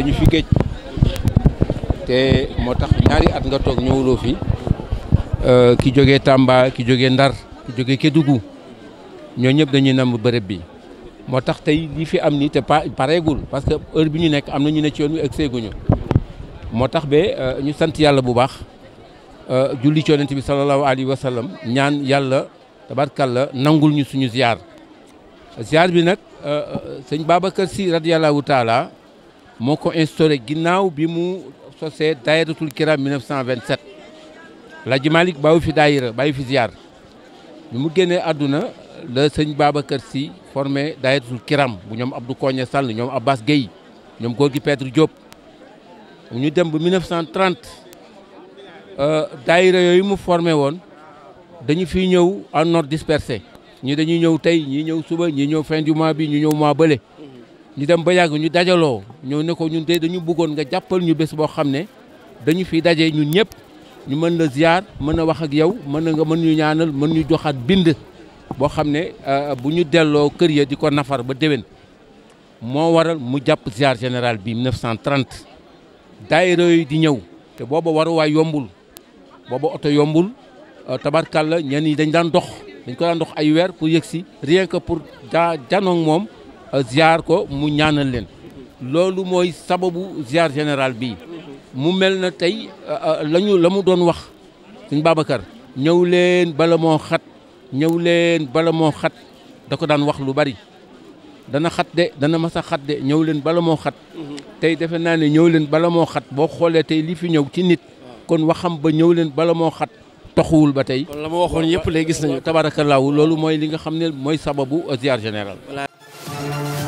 dañu fi géej te moo tax ñaari at nga toog ñëwuloo fi euh, ki jóge Tamba ki jóge Ndar ki jógee Kédougou ñoo ñëpp dañuy namb bërëb bi moo tax tey li fi am nii te pareegul parce que heure bi ñu nekk am na ñu ne ci yoon wi ak seeguñu moo tax ba euh, ñu sant yàlla bu baax euh, julli ci yonent bi sallallahu alayhi wa ñaan yàlla tabarkalla nangul ñu suñu ziar ziar bi nag sëñ Babacar Sy radiyallahu taala moo ko instauré ginnaaw bi mu sosee daayiratul kiram 1927 Laji Malick bàyyi fi daayira bàyyi fi ziar mu génne àdduna la sëñ Babacar Sy formé daayiratul kiram bu ñoom Abdou Koña Sall ñoom Abbas Guèye ñoom góor gi Petre Diop ñu dem ba 1930 euh, daayira yooyu mu formé woon dañu fiy ñëw en ordre dispersé ñi dañuy ñëw tey ñi ñëw suba ñi ñëw fin du mois bi ñu ñëw mois bële ñu dem ba yàgg ñu dajaloo ñëw ne ko ñun tey dañu bëggoon nga jàppal ñu bés boo xam ne dañu fi daje ñun ñëpp ñu mën la ziar mën a wax ak yow mën na nga mën ñu ñaanal mën ñu joxaat bind boo xam ne euh, bu ñu delloo kër ya di ko nafar ba déwén moo waral mu jàpp ziar général bi 1930 daayira yi di ñëw te booba waruwaay yombul booba oto yombul euh, tabarkalla ñenn ñi dañ daan dox dañ ko daan dox ay weer pour yëg si rien pour jaa janoog moom ziar ko mu ñaanal leen loolu mooy sababu ziar général bi mu mel na tey euh, euh, lañu la mu doon wax suñ Babacar ñëw leen bala moo xat ñëw leen bala moo xat da ko daan wax lu bari dana xat de dana mas a xat de ñëw leen bala moo xat tey defe naa ne ñëw leen bala moo xat boo xoolee tey lii fi ñëw ci nit kon waxam ba ñëw leen bala moo xat toxuwul ba tey kon la ma waxoon yëpp lay gis nañu tabaarakallaahu loolu mooy li nga xam ne mooy sababu ziar général Thank you.